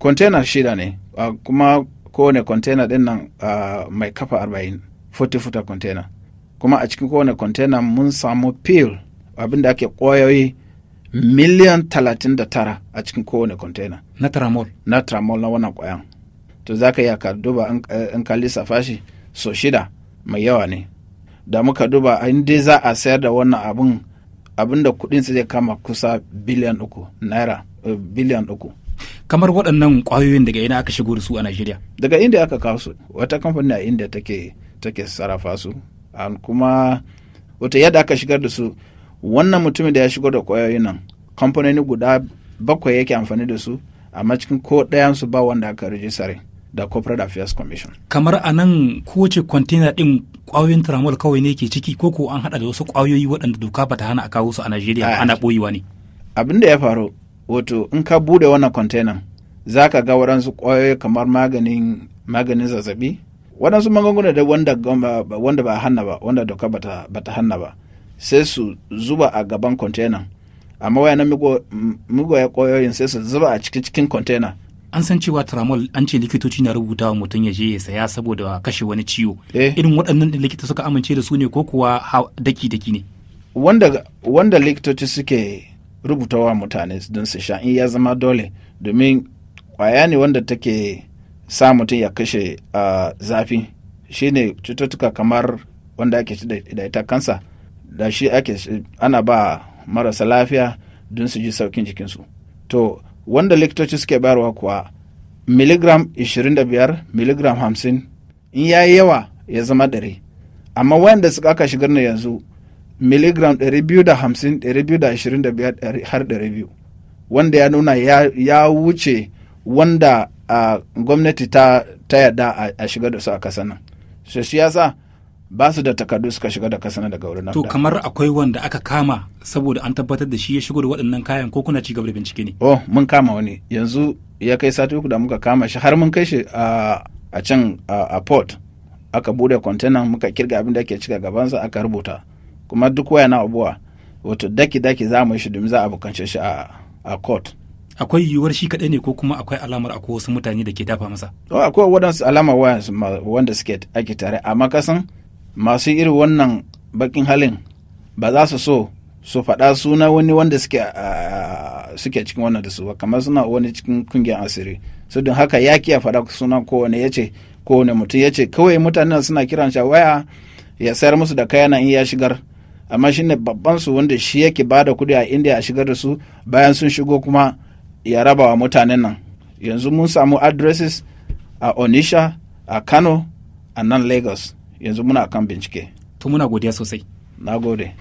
container shida ne uh, kuma kowane container din nan uh, mai kafa arba'in 40 futa container kuma a cikin kowane container mun samu peel abinda ake kwayoyi miliyan talatin da tara a cikin kowane container na tramol na tramol na wannan kwayan. to za ka iya ka duba in eh, ka lisa fashi so shida mai yawa ne da muka duba in za a sayar da wannan abin abin da kudin zai kama kusa biliyan uku naira eh, biliyan uku kamar waɗannan ƙwayoyin daga ina aka shigo da su a Najeriya? Daga inda aka kawo su, wata kamfani a inda take take sarrafa su, an kuma wata yadda aka shigar da su, wannan mutumin da ya shigo da ƙwayoyin nan, kamfanoni guda bakwai yake amfani da su, amma cikin ko ɗayan su ba wanda aka rijistare da Corporate Affairs Commission. Kamar a nan kowace kwantena ɗin ƙwayoyin tramol kawai ne ke ciki ko ko an haɗa da wasu ƙwayoyi waɗanda doka bata hana a kawo su a Najeriya ana ɓoyewa ne. Abin da ya faru wato in ka bude wannan kwantenan za ka ga waɗansu ƙwayoyi kamar maganin maganin zazzabi waɗansu magunguna da wanda, wanda ba hanna ba wanda doka bata, bata hanna ba sai su zuba a gaban kwantenan amma wayannan ya ƙwayoyin sai su zuba a cikin cikin kwantena an san cewa tramol an ce likitoci na rubuta wa mutum ya je ya saya saboda kashe wani ciwo eh. irin waɗannan da likita suka amince da su ne ko kuwa daki daki ne wanda likitoci suke rubutawa mutane don su sha in ya zama dole domin kwaya ne wanda take sa mutum ya kashe uh, zafi shine cututtuka kamar wanda ake ci da ita kansa da shi ake ana ba marasa lafiya don su ji saukin jikinsu to wanda likitoci suke bayarwa kuwa miligram 25 miligram 50 in ya yi yawa ya zama dare amma wayanda suka aka shigar na yanzu miligram 250-225 har 200 wanda ya nuna ya wuce wanda gwamnati ta yada a shiga da su a kasa nan shi yasa ba su da takardu suka shiga da kasana daga wurin to kamar akwai wanda aka kama saboda an tabbatar da shi ya shigo da waɗannan kayan ko kuna ci gaba da bincike ne oh mun kama wani yanzu ya kai sati uku da muka kama shi har mun kai shi a can a port aka bude kwantena muka kirga abin da ake cika gabansa aka rubuta kuma duk wayana abuwa wato daki-daki za mu yi shi domin za a bukance shi a court akwai yiwuwar shi kaɗai ne ko kuma akwai alamar akwai wasu mutane da ke dafa masa akwai waɗansu alamar wayansu wanda suke ake tare amma kasan masu irin wannan bakin halin ba za su so su faɗa suna wani wanda suke suke cikin wannan da su ba kamar suna wani cikin kungiyar asiri su don haka ya kiya faɗa suna kowane ya ce kowane mutum ya ce kawai mutanen suna kiran shi waya ya sayar musu da kayana in ya shigar amma shine babban su wanda shi yake ba da kuɗi a indiya a shigar da su bayan sun shigo kuma ya raba wa mutanen nan yanzu mun samu addresses a onisha a kano a nan lagos yanzu muna kan bincike to muna godiya sosai na gode